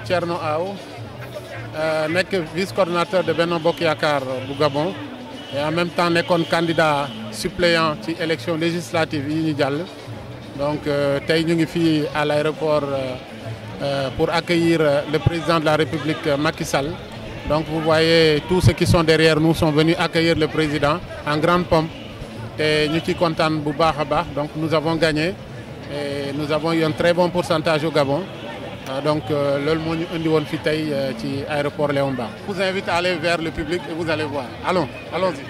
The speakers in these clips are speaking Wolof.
Thierno Aw euh, nekk vice coordonnateur de benn Bokk Yaakaar bu Gabon et en même temps nekkoon candidat suppléant ci élection législative yi ñu jàll donc euh, tey ñu ngi fii à l'aéroport euh, pour accueillir le président de la République Macky Sall donc vous voyez tous ceux qui sont derrière nous sont venus accueillir le président en grande pompe te ñu ci kontaan bu baax a baax donc nous avons gagné et nous avons eu un très bon pourcentage au Gabon Euh, donc euh, loolu moo ñu indi fi tey euh, ci aéroport Léon Mbarr vous invite à aller vers le public et vous allez voir allons allons-y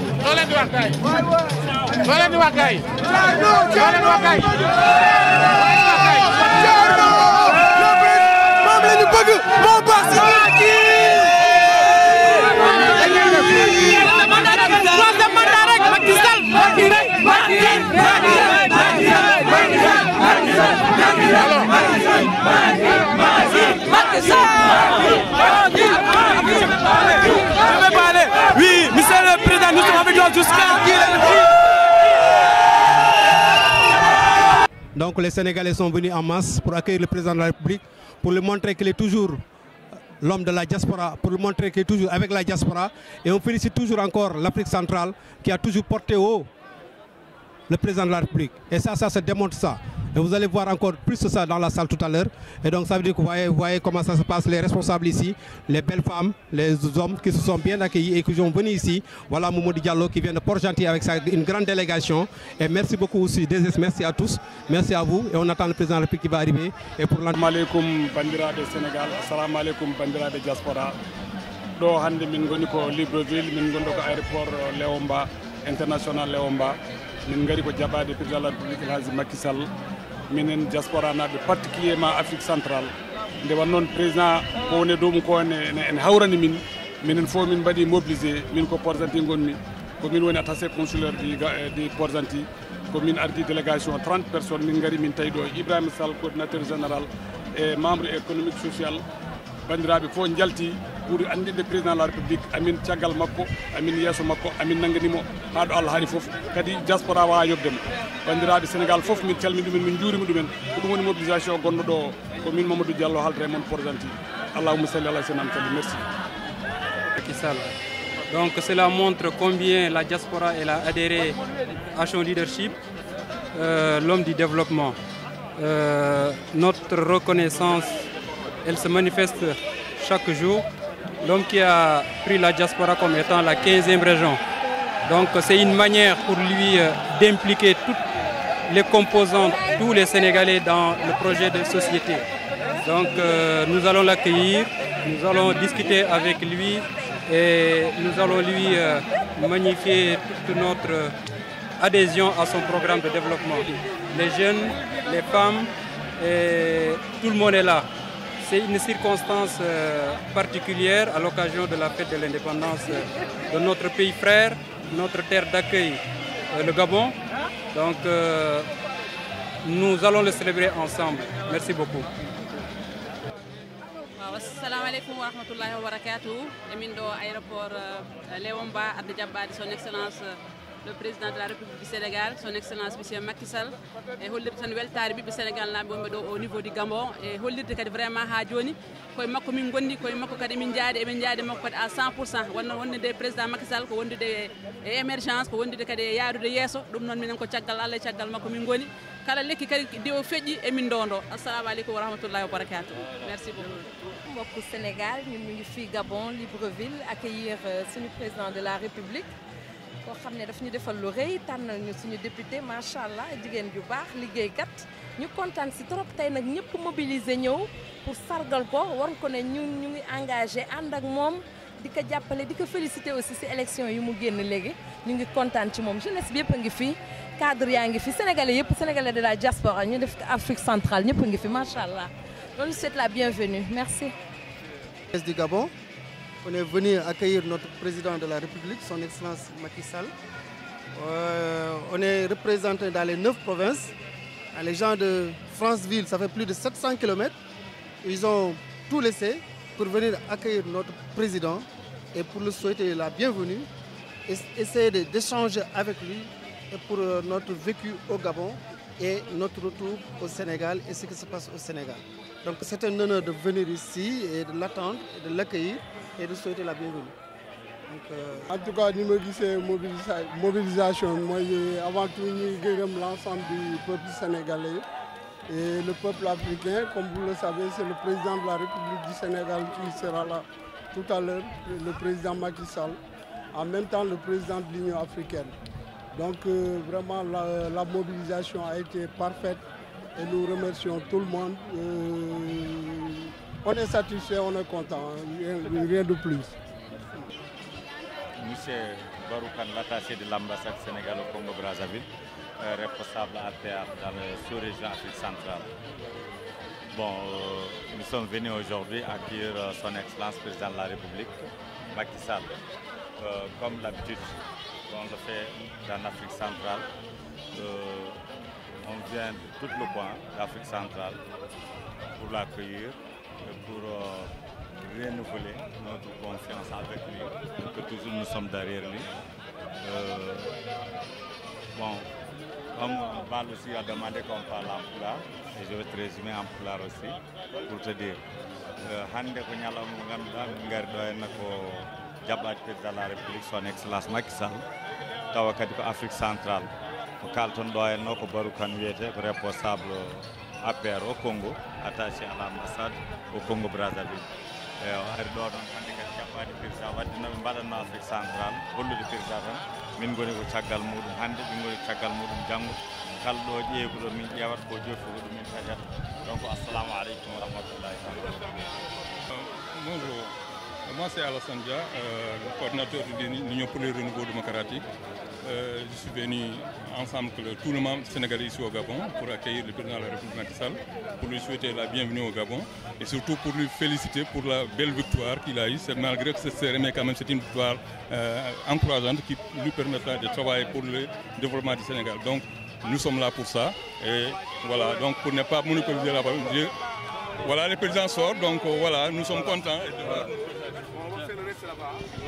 loo leen di wax gars yi loo leen di wax gars yi loo leen di wax gars yi Macky Sall oui monsieur le président nous sommes avec toi jusqu'à donc les Sénégalais sont venus en masse pour accueillir le président de la République pour lui montrer qu'il est toujours l'homme de la diaspora pour lui montrer qu'il est toujours avec la diaspora et on félicite toujours encore l'Afrique centrale qui a toujours porté haut le président de la République et ça ça se démontre ça Et vous allez voir encore plus ça dans la salle tout à l'heure. Et donc ça veut dire que vous voyez, vous voyez, comment ça se passe, les responsables ici, les belles femmes, les hommes qui se sont bien accueillis et qui sont venus ici. Voilà Momo Diallo qui vient de Port-Gentil avec sa, une grande délégation. Et merci beaucoup aussi, merci à tous, merci à vous. Et on attend le président de la République qui va arriver. Et pour l'année. alaikum bandira de Sénégal, assalamu alaikum bandira de diaspora. ɗo min minen diaspora naɓe particulièrement afrique central nde wannoon président ko woni e dow mum ko ene hawrani min minen fof min mbaɗi mobilisé min ko port gentil gonmi komin woni attaché consulaire du eh, du port gentil komin ardi délégation 30 personnes min gari min tawi ɗo ibrahima sall coordinateur général e membre économique social bandiraɓe fof jalti guuri anndinɗe président de la république amin caggal makko amin yeeso makko amin nannganimo haa ɗo allah fof kadi diaspora wawa yobdemo bandiraɓe sénégal fof min calmini ɗumen min juurima ɗumen ko ɗum woni mobilisation gonɗo ɗo ko min mamadou diallo haaldata e moon porgenti allahuma salli alah senan kadi merci akisal donc cela montre combien la diaspora elle a adhéré à son leadership euh, l'homme du développement euh, notre reconnaissance elle se manifeste chaque donc qui a pris la diaspora comme étant la 15e région. Donc c'est une manière pour lui euh, d'impliquer toutes les composantes, tous les Sénégalais dans le projet de société. Donc euh, nous allons l'accueillir, nous allons discuter avec lui et nous allons lui euh, toute notre adhésion à son programme de développement. Les jeunes, les femmes, et tout le monde est là. C'est une circonstance euh, particulière à l'occasion de la fête de l'indépendance euh, de notre pays frère, notre terre d'accueil, euh, le Gabon. nous allons le célébrer ensemble. Merci beaucoup. assalamu aleykum wa rahmatullahi wa barakatuhu emin ɗo aéroport lewon ba adde jabɓade son excellence le président de la République du Sénégal, son excellence M. Macky Sall, e hollirde tan weltare ɓiɓɓe sénégal naɓe wonɓe ɗo au niveau du gambon e hollirde kadi vraiment ha joni koye makko min gondi e président Macky Sall ko wondude e émergence ko wondude kadi e yaarude yesso ɗum noon minen ko caggal allah e caggal makko min goni kala lekki kadi nde o feƴƴi emin dondo assalamu aleykum wa rahmatullahi wa barakatu merci beaucoup mbokku sénégal ñun mi ngi fii gabon libreville accueillir euh, la koo xam ne daf ñu defal lu rëy tànnal ñu suñu député macha allah jigéen ju baax liggéeykat ñu kontaan si trop tey nag ñëpp mobiliser ñëw pour sargal ko war ko ne ñu ñu ngi engage ànd ak moom di ko jàppale di ko félicité aussi si élection yi mu génn léegi ñu ngi kontaan ci moom jeunesse bi yëpp a ngi fi cadre yaa ngi fi sénégalais yëpp sénégalais de la diaspora ñu def Afrique centrale ñëpp a ngi fi macha allah loolu c'est la bienvenue merci. du Gabon. on est venu accueillir notre président de la République, son Excellence Macky Sall. Euh, on dans les neuf provinces. Les gens de Franceville, ça fait plus de 700 km. Ils ont tout laissé pour venir accueillir notre président et pour lui souhaiter la bienvenue, et essayer d'échanger avec lui et pour euh, notre vécu au Gabon et notre retour au Sénégal et ce qui se passe au Sénégal. Donc c'est un honneur de venir ici et de l'attendre et de l'accueillir. et de souhaiter la bienvenue. Donc, euh... En tout cas, nous me mobilisation, mobilisation. avant tout, nous l'ensemble du peuple sénégalais et le peuple africain. Comme vous le savez, c'est le président de la République du Sénégal qui sera là tout à l'heure, le président Macky Sall, en même temps le président de l'Union africaine. Donc euh, vraiment, la, la, mobilisation a été parfaite et nous remercions tout le monde. Euh, On est satisfait, on est content, rien, rien de plus. Monsieur Baroukan l'attaché de l'ambassade Sénégal au Congo-Brazzaville, euh, responsable APR dans la sous-région Afrique centrale. Bon, euh, nous sommes venus aujourd'hui accueillir euh, son Excellence Président de la République, Macky Sall. Euh, comme l'habitude, on centrale. Euh, on vient de tout le coin d'Afrique centrale pour l'accueillir pour euh, renouveler notre confiance avec lui, que uh, toujours nous sommes derrière lui. bon, comme Val aussi a demandé qu'on parle en pulaar, et je vais te résumer en pulaar aussi, pour te dire. hannde ko ñalawma mo ngannduɗaa ngari ɗo henna ko jaɓɓaade de la république son excellence Macky Sall ko afrique centrale kalton ɗo henno ko baru kan APR au Congo attaché à l'ambassade au Congo Brazzaville e o ari ɗo ɗon hannde kadi jaɓɓaade président wadde no ɓe mbaɗatno afrique central hollude président min ngoni ko caggal muɗum hannde min ngoni caggal muɗum janngo kala ɗo ƴeeguɗo min ƴeewat ko jooni fof ko ɗumin tagata donc assalamu aleykum wa Moi, c'est Alassane Dia, euh, coordinateur de l'Union pour le renouveau démocratique. Euh, je suis venu ensemble avec tout le monde sénégalais ici au Gabon pour accueillir le président de la République Macky pour lui souhaiter la bienvenue au Gabon et surtout pour lui féliciter pour la belle victoire qu'il a eue. Malgré que c'est serré, mais quand même c'est une victoire euh, encourageante qui lui permettra de travailler pour le développement du Sénégal. Donc nous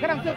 Gracias.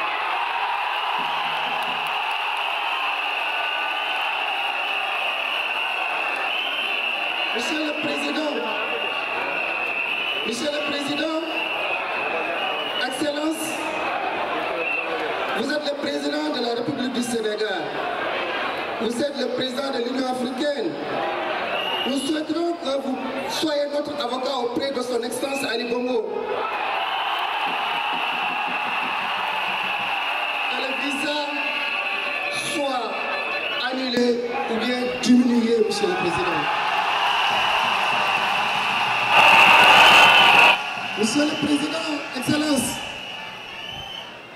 Monsieur le Président, Monsieur le Président, Excellence, vous êtes le Président de la République du Sénégal. Vous êtes le Président de l'Union africaine. Nous souhaiterons que vous soyez notre avocat auprès de son Excellence Ali Bongo. le visa soit annulé ou bien diminué, Monsieur le Président. Monsieur le Président, Excellence,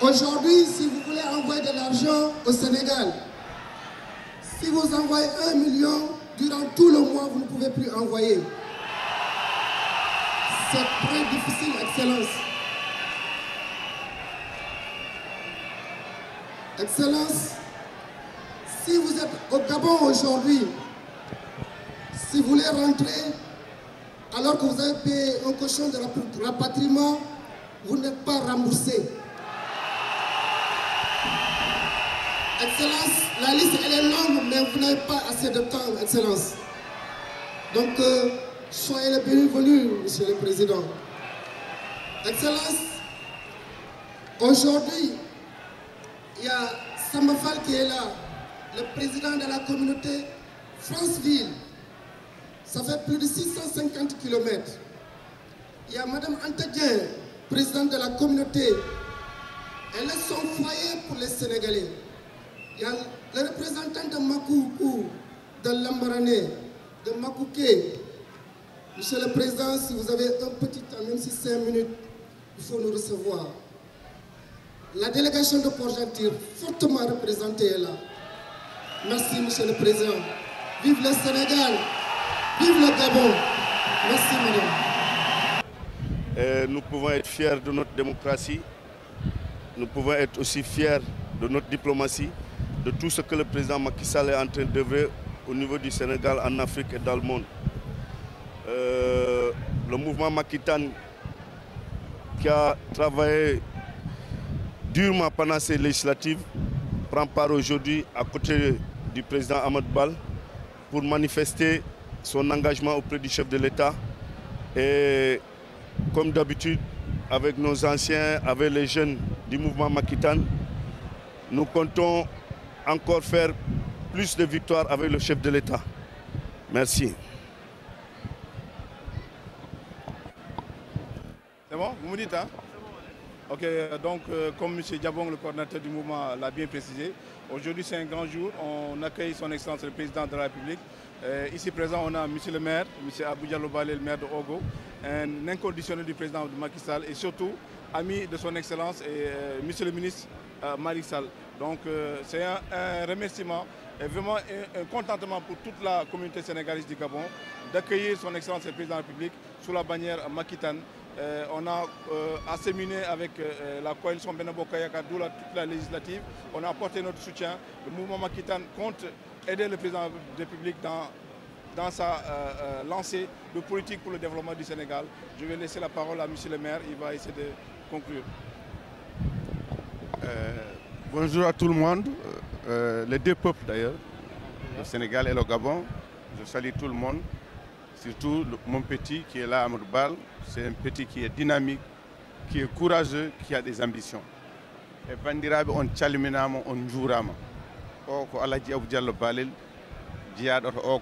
aujourd'hui, si vous voulez envoyer de l'argent au Sénégal, si vous envoyez un million, durant tout le mois, vous ne pouvez plus envoyer. C'est très difficile, Excellence. si vous êtes au Gabon aujourd'hui, si vous voulez rentrer, alors que vous avez payé un cochon de rapatriement, vous n'êtes pas remboursé. Excellence, la liste est longue, mais vous n'avez pas assez de temps, Excellence. Donc, euh, soyez les bienvenus, Monsieur le Président. Excellence, aujourd'hui, il y a Samafal qui est là, le président de la communauté Franceville. ça fait plus de 650 kilomètres. ya y a Madame Antadien, président de la communauté. Elle est son foyer pour les Sénégalais. Il le représentant de Makoukou, de Lambarané, de Makouké. Monsieur le Président, si vous avez un petit temps, même si minutes, il faut nous recevoir. La délégation de Port-Gentil, fortement représentée, est Merci, Monsieur le Président. Vive le Sénégal! Vive le Gabon. Merci, madame. Et euh, nous pouvons être fiers de notre démocratie. Nous pouvons être aussi fiers de notre diplomatie, de tout ce que le président Macky Sall est en train d'œuvrer au niveau du Sénégal, en Afrique et dans le monde. Euh, le mouvement Makitan qui a travaillé durement pendant ces législatives prend part aujourd'hui à côté du président Ahmed Bal pour manifester son engagement auprès du chef de l'État. Et comme d'habitude, avec nos anciens, avec les jeunes du mouvement Makitan, nous comptons encore faire plus de victoires avec le chef de l'État. Merci. C'est donc euh, comme M. Diabong, le coordinateur du mouvement, l'a bien précisé, aujourd'hui c'est un grand jour. On accueille son Excellence le Président de la République Euh, ici présent, on a M. le maire, M. Abou Diallo-Balé, le maire de Ogo, un inconditionnel du président de Macky Sall et surtout ami de son Excellence et euh, Monsieur le ministre euh, Donc euh, c'est un, un, remerciement et vraiment un, contentement pour toute la communauté sénégalaise du Gabon d'accueillir son Excellence le président la République sous la bannière Makitane. Euh, on a euh, asséminé avec la coalition Benabo Kayaka, d'où la, législative. On a apporté notre aider le président de la République dans, dans sa euh, euh, lancée de politique pour le développement du Sénégal. Je vais laisser la parole à monsieur le maire, il va essayer de conclure. Euh, le monde, euh, les deux peuples d'ailleurs, le Sénégal et le Gabon. Je salue tout le monde, surtout le, mon petit qui est là à Moudbal. C'est un petit qui est dynamique, qui est courageux, qui a des ambitions. e bandiraɓe on calminaama on njuuraama o ko alhaji abou diallo balel jeyaɗoto o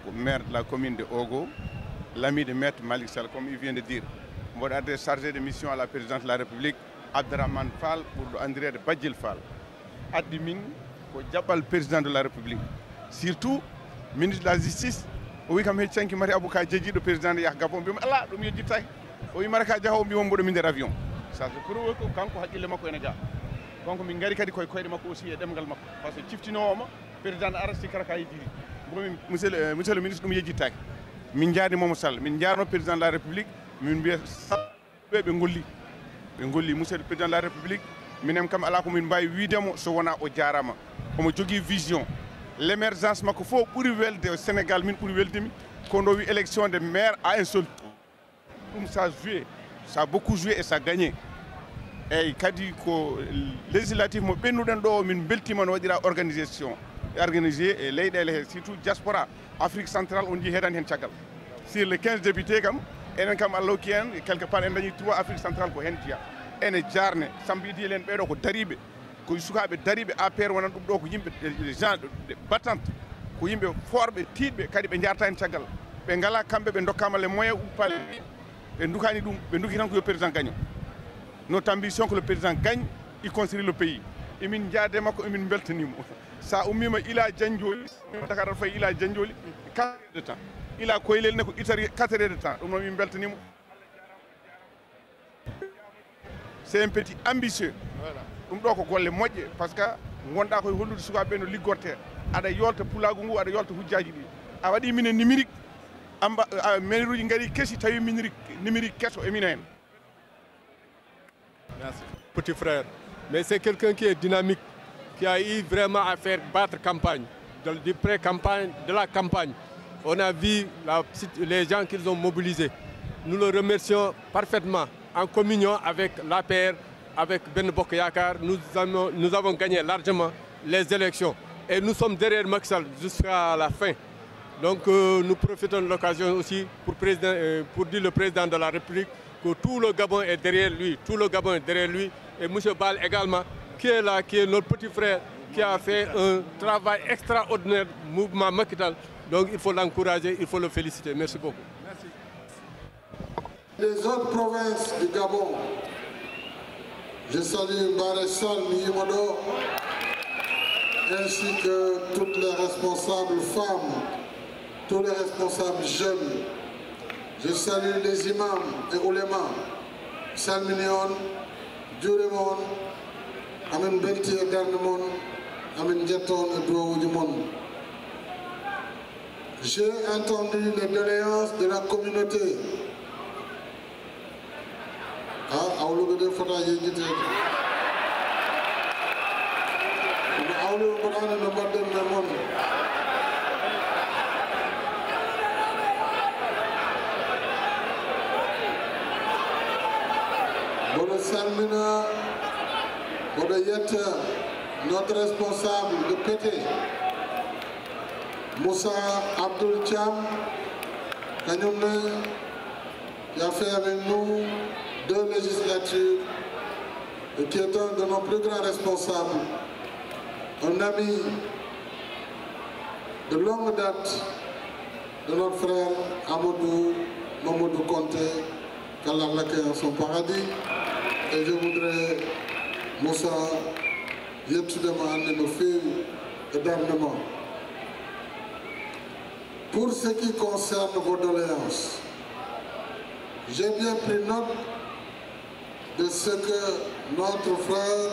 la commune de ogo l'ami de maître Malick Sall comme il vient de de mission à la présidence de la république abdourahmane fall ɓurɗo andirede bajjel fall addi min ko jaɓɓal président de la république surtout ministre la justice o wi kam heccanki mati abou ka jeejiɗo président yaha gabon mbima ala ɗum yejjittaki o wi mata ka jaaha o mbimo mi nder avion ça se prouve kanko haqqille donc min gari kadi koye koyɗe makko aussi e ɗemgal makko par ce que ciftinowomo président arasti kala ka yejjiri bomin monsieur euh, monsieur le ministre ɗum yejjittake min jaadimomo sall min jaarno président la république min mbiya e ɓe ɓe golli ɓe golli monsieur le président de la république minen kam ala komin mbawi widemo so wona o jarama omo jogui vision l' émergence makko fof ɓuuri welde e sénégal min ɓuuri weldemi kono wi élection de maire à un seul ɗum eyyi kadi ko législatif mo ɓennuɗen ɗo min beltima no waɗira organisation organisé e leyɗele he surtout diaspora afrique central on jii heɗani hen caggal sur les 15 kam enen kam allah hokki en quelque part en dañi 3 afrique central ko hen jeeya ene jarne sambi idil en ɓeeɗo ko dariɓe ko sukaɓe dariɓe apr wonan ɗum ɗo ko yimɓe e gens battante ko yimɓe forɓe tiiɗɓe kadi ɓe jarta hen caggal ɓe ngala kamɓe ɓe dokkama le moyen uppale ɓe dukani ɗum ɓe duki tan ko yo président notre ambition que le président gagne il construit le pays emin jaadema ko emin beltanimo sa ummima ila janjoli dakar aɗa fayi ila janjoli koylel ne ko itari quatre heures ɗum noon min beltanimo c' est un petit ambitieux ɗum ɗo ko golle moƴƴe par ce que gonɗa koye hollude sukaɓeɓe no liggorte aɗa yolta pulagu ngu aɗa yolta hujjaji ɗi a waɗi minen numérique amba maire uji gaari keesi tawi numérique numérique keeso e min hen Merci. petit frère. Mais c'est quelqu'un qui est dynamique, qui a eu vraiment à faire battre campagne, de, de pré-campagne, de la campagne. On a vu la, les gens qu'ils ont mobilisés. Nous le remercions parfaitement. En communion avec l'APR, avec Ben Bokyakar, yaakaar avons, nous avons gagné largement les élections. Et nous sommes derrière Maxal jusqu'à la fin. Donc euh, nous profitons de l'occasion aussi président, euh, pour dire le président de la République que tout le Gabon est derrière lui, tout le Gabon est derrière lui, et M. Ball également, qui est là, qui est petit frère, qui a fait un travail extraordinaire, mouvement Makital. Donc il faut l'encourager, il faut le féliciter. Merci beaucoup. Je salue les imams et oulémas salmini on juurima on amin belti e darde moon amin jetta on e duwowuji moon J'ai entendu les doléances de la communauté a awluɓe ɗe fota yejjiteede no awluɓe mbaɗano no mbaɗɗen me moon Salmina Bodo Yetta, notre responsable de PT, Moussa Abdul Cham, qui a fait avec nous deux législatures et de nos plus grands responsables, un ami de longue date de notre frère Amadou Mamadou Conté, qu'Allah l'accueille en son paradis. Et je voudrais, Moussa, Pour ce qui concerne vos doléances, j'ai bien pris notre frère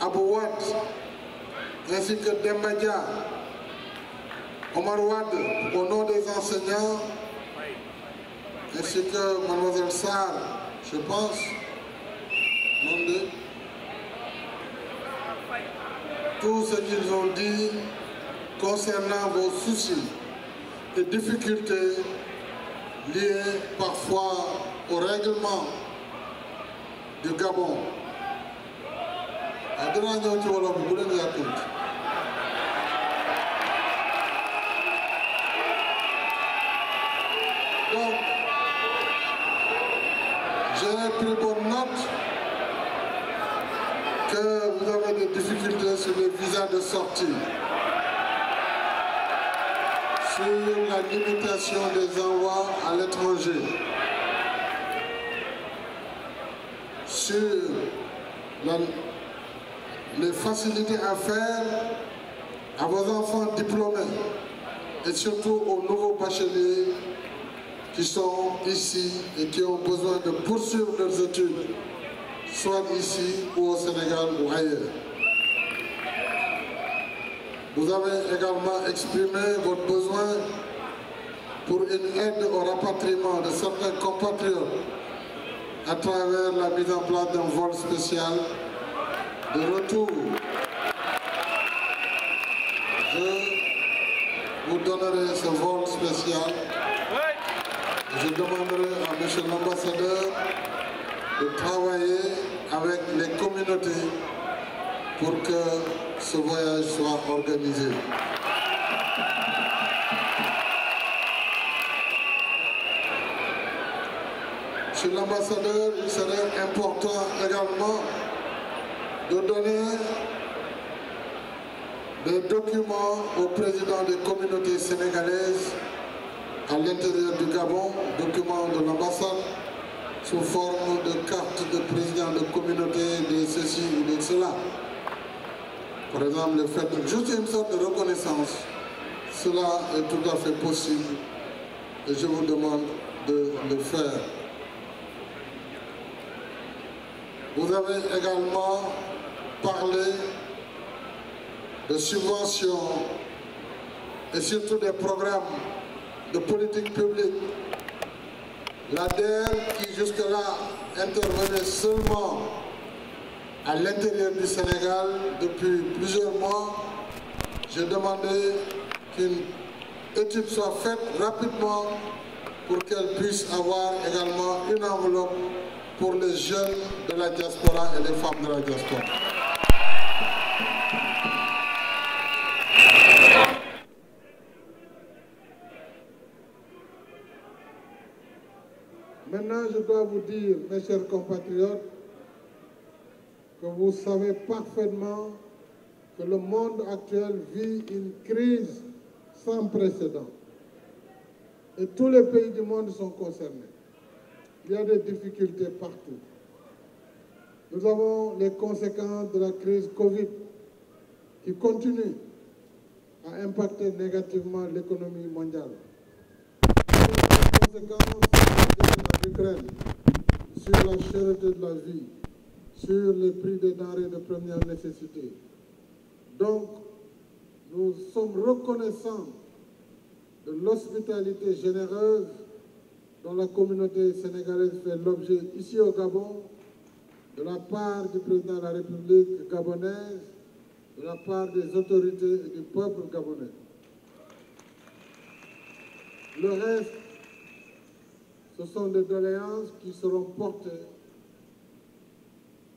Abouad ainsi que Demadia, Omar Wad, au des enseignants, ainsi que Mademoiselle Sarr, je pense, moom de tout ce qu'ils ont dit concernant vos et difficultés liées parfois au règlement du Gabon ah dinaa ñëw ci wolof bi bu des difficultés sur les de sortie, sur la limitation des envois à l'étranger, sur les facilités à faire à vos enfants diplômés et surtout aux nouveaux bacheliers qui sont ici et qui ont besoin de poursuivre leurs études, soit ici ou au Sénégal ou ailleurs. Vous avez également exprimé votre besoin pour une aide au rapatriement de certains compatriotes à travers la mise en place d'un vol spécial de retour. Je vous donnerai ce vol spécial. Je demanderai à Monsieur l'ambassadeur de travailler avec les communautés pour que ce voyage soit organisé. Monsieur l'ambassadeur, il important également de donner des documents au président des communautés sénégalaises à l'intérieur du Gabon, documents de l'ambassade sous forme de carte de président de communauté de ceci ou de cela. Par exemple, le fait de juste une sorte de reconnaissance, cela est tout à fait possible et je vous demande de le faire. Vous avez également parlé de subventions et surtout des programmes de politique publique. L'ADER qui jusque-là intervenait seulement à l'intérieur du Sénégal depuis plusieurs mois. J'ai demandé qu'une étude soit faite rapidement pour qu'elle puisse avoir également une enveloppe pour les jeunes de la diaspora et les femmes de la diaspora. Maintenant, je dois vous dire, mes chers compatriotes, que vous savez parfaitement que le monde actuel vit une crise sans précédent. Et tous les pays du monde sont concernés. Il y a des difficultés partout. Nous avons les conséquences de la crise Covid qui continue à impacter négativement l'économie mondiale. Les conséquences de sur la cherté de la vie, sur les prix des denrées de première nécessité. Donc, nous sommes reconnaissants de l'hospitalité généreuse dont la communauté sénégalaise fait l'objet ici au Gabon, de la part du président de la République gabonaise, de la part des autorités et du peuple gabonais. Le reste, ce sont des doléances qui seront portées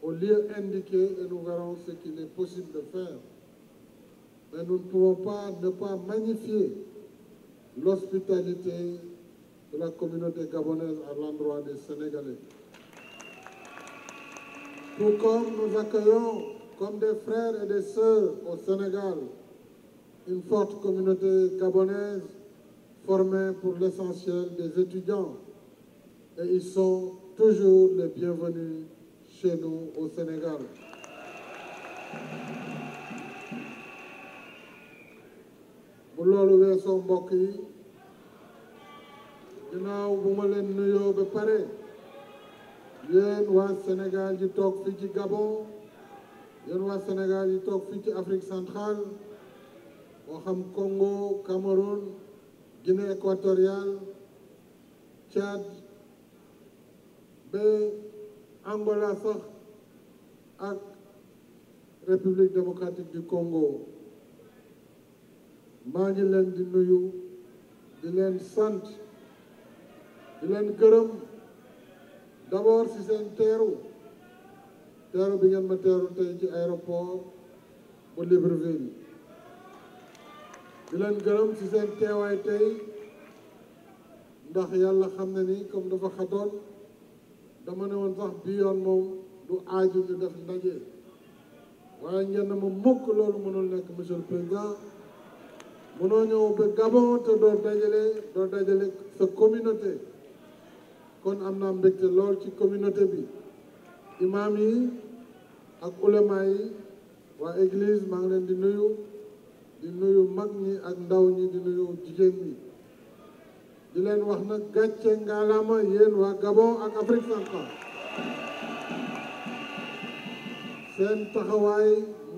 aux lieux indiqués et nous verrons ce qu'il est possible de faire. Mais nous ne pouvons pas ne pas magnifier l'hospitalité de la communauté gabonaise à l'endroit des Sénégalais. Tout comme nous accueillons comme des frères et des sœurs au Sénégal une forte communauté gabonaise formée pour l'essentiel des étudiants et ils sont toujours les bienvenus chez nous au Sénégal. bu loolu weesoo mbokk yi ginnaaw bu leen nuyoo ba pare yéen waa Sénégal yi toog fii ci Gabon yéen waa Sénégal yi toog fii ci Afrique centrale moo xam Congo Cameroun Guinée équatoriale Tchad ba Angola sax ak République démocratique du Congo maa ngi leen di nuyu di leen sant di leen gërëm d'abord ci seen teeru teeru bi ngeen ma teeru tey ci aéroport bu Libreville di leen gërëm ci seen teewaay tey ndax yàlla xam na ni comme dafa xatoon dama ne woon sax bi yoon moom du aaju ñu def ndaje waaye ngeen ne ma mukk loolu mënul nekk monsieur le président mënoo ñëw ba Gabon te doo dajale doo dajale sa communauté kon am naa mbégte lool ci communauté bi imaam yi ak ulema yi waa église maa ngi leen di nuyu di nuyu mag ñi ak ndaw ñi di nuyu jigéen ñi di leen wax nag gàcce ngaalaama yéen waa Gabon ak Afrique centrale seen taxawaay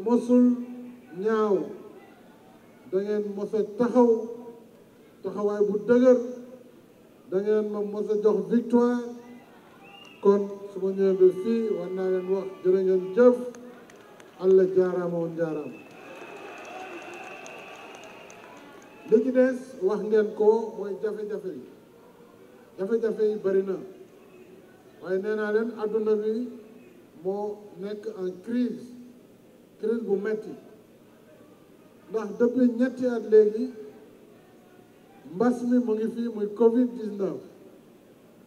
mosul ñaaw da ngeen mos taxaw taxawaay bu dëgër da ngeen ma mos a jox victoire kon su ma ñëwee fii war naa leen wax jëf Allah jaaraama woon jaaraama li ci des wax ngeen koo mooy jafe-jafe yi jafe-jafe yi bëri na waaye nee naa leen adduna bi moo nekk en crise crise bu metti ndax depuis ñetti at léegi mbas mi mu ngi fii muy covid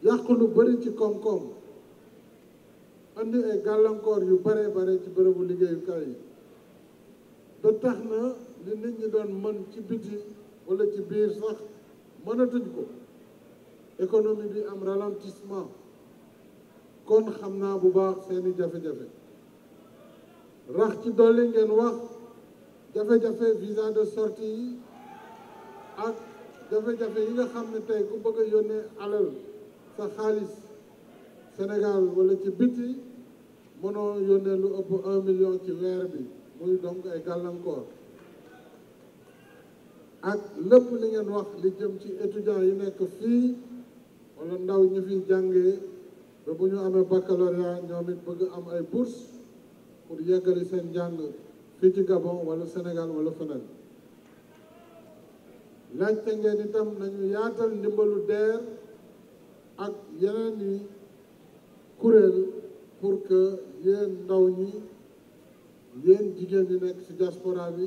yàq lu bari ci koom-koom andi ay gàllankoor yu bare bare ci bërëbu liggéeyukaay yi ba tax na li nit ñi doon mën ci biti wala ci biir sax mënatuñ ko économie bi am ralentissement kon xam naa bu baax seeni jafe-jafe rax ci dolli ngeen wax jafe-jafe visa de sortie yi ak jafe-jafe yi nga xam ne tey ku bëgg yónnee alal sa xaalis Sénégal wala ci biti mënoo yónnee lu ëpp un million ci weer bi muy donc ay gàllankoor ak lépp li ngeen wax li jëm ci étudiants yi nekk fii wala ndaw ñu fiy jàngee ba bu ñu amee baccalauréat ñoom it bëgg am ay bourse pour yeggali seen jàng fii ci Gabon wala Sénégal wala feneen laajte ngeen itam nañu yaatal ndimbalu DER ak yeneen yi kureel pour que yéen ndaw ñi yéen jigéen yi nekk ci diaspora bi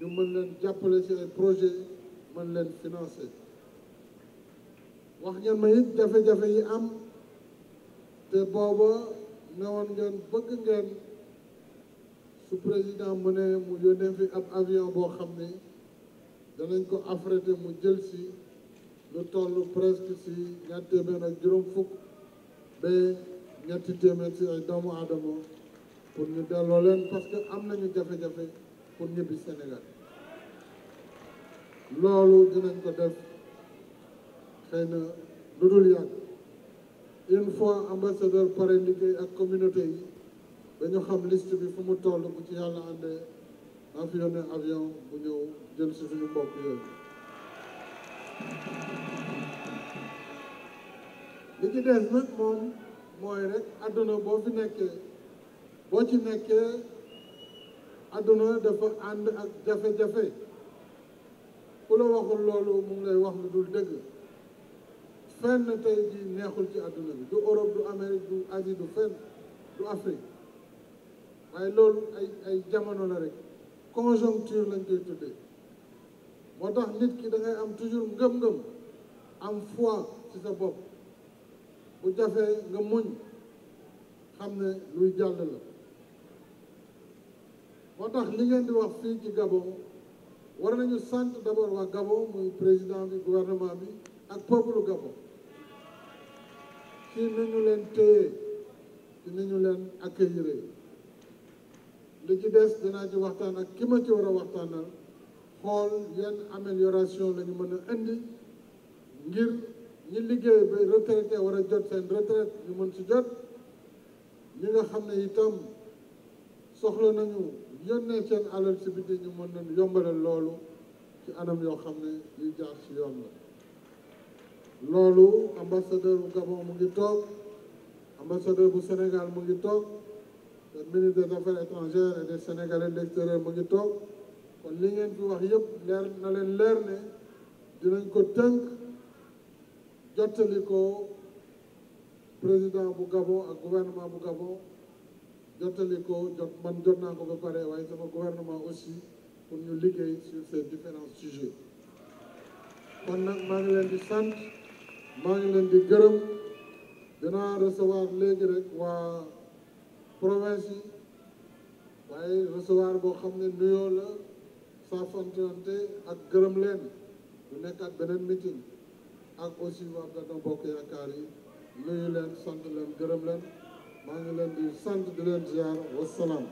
ñu mën leen jàppale ci ay projet mën leen financer wax ngeen ma it jafe-jafe yi am te booba newoon ngeen bëgg ngeen su président mu ne mu yónnee fi ab avion boo xam ne danañ ko affrété mu jël si lu toll presque si ñaar téeméer ak juróom fukk ba ñetti téeméer ci ay doomu aadama pour ñu delloo leen parce que am nañu jafe-jafe pour ñibbi Sénégal loolu dinañ ko def xëy lu dul yàgg une fois pare liggéey ak communauté yi ba ñu xam liste bi fu mu toll bu ci yàlla àndee avion bu ñëw jël si suñu mbokk yooyu li ci des nag moom mooy rek àdduna boo fi nekkee boo ci nekkee àdduna dafa ànd ak jafe-jafe ku la waxul loolu mu ngi lay wax lu dul dëgg fenn tey ji neexul ci àdduna bi du Europe du Amérique du Asie du fenn du Afrique waaye loolu ay ay jamono la rek conjoncture lañ koy tuddee moo tax nit ki da am toujours ngëm-ngëm am fois ci sa bopp bu jafee nga muñ xam ne luy jàll la moo tax li ngeen di wax fii ci Gabon war nañu sant d'abord waa Gabon muy président bi gouvernement bi ak peuple Gabon ci ni leen téye ci ni ñu leen accueillir li ci des dinaa ci waxtaan ak ki ma ci war a waxtaanal xool yenn amélioration la mën a indi ngir ñi liggéey ba retraité war a jot seen retraite ñu mën ci jot ñi nga xam ne itam soxla nañu yónnee seen alal si biti ñu mën leen yombalal loolu ci anam yoo xam ne yu jaar si yoon la loolu ambassadeur bu Gabon mu ngi toog ambassadeur bu Sénégal mu ngi toog le ministre des affaires étrangères et des Sénégalais de l'extérieur mu ngi toog kon li ngeen fi wax yëpp leer na leen leer ne dinañ ko tënk jottali président bu Gabon ak gouvernement bu Gabon jottali ko jot man jot naa ko ba pare waaye sama gouvernement aussi pour ñu liggéey sur ces différents sujets kon nag maa ngi leen di sant maa ngi leen di gërëm dinaa recevoir léegi rek waa province yi waaye recevoir boo xam ne nuyoo la saafantante ak gërëm leen bu nekk beneen meeting ak aussi waa Benno Bokk Yaakaar yi nuyu leen sant leen gërëm leen maa ngi di sant di leen ziar wasalaam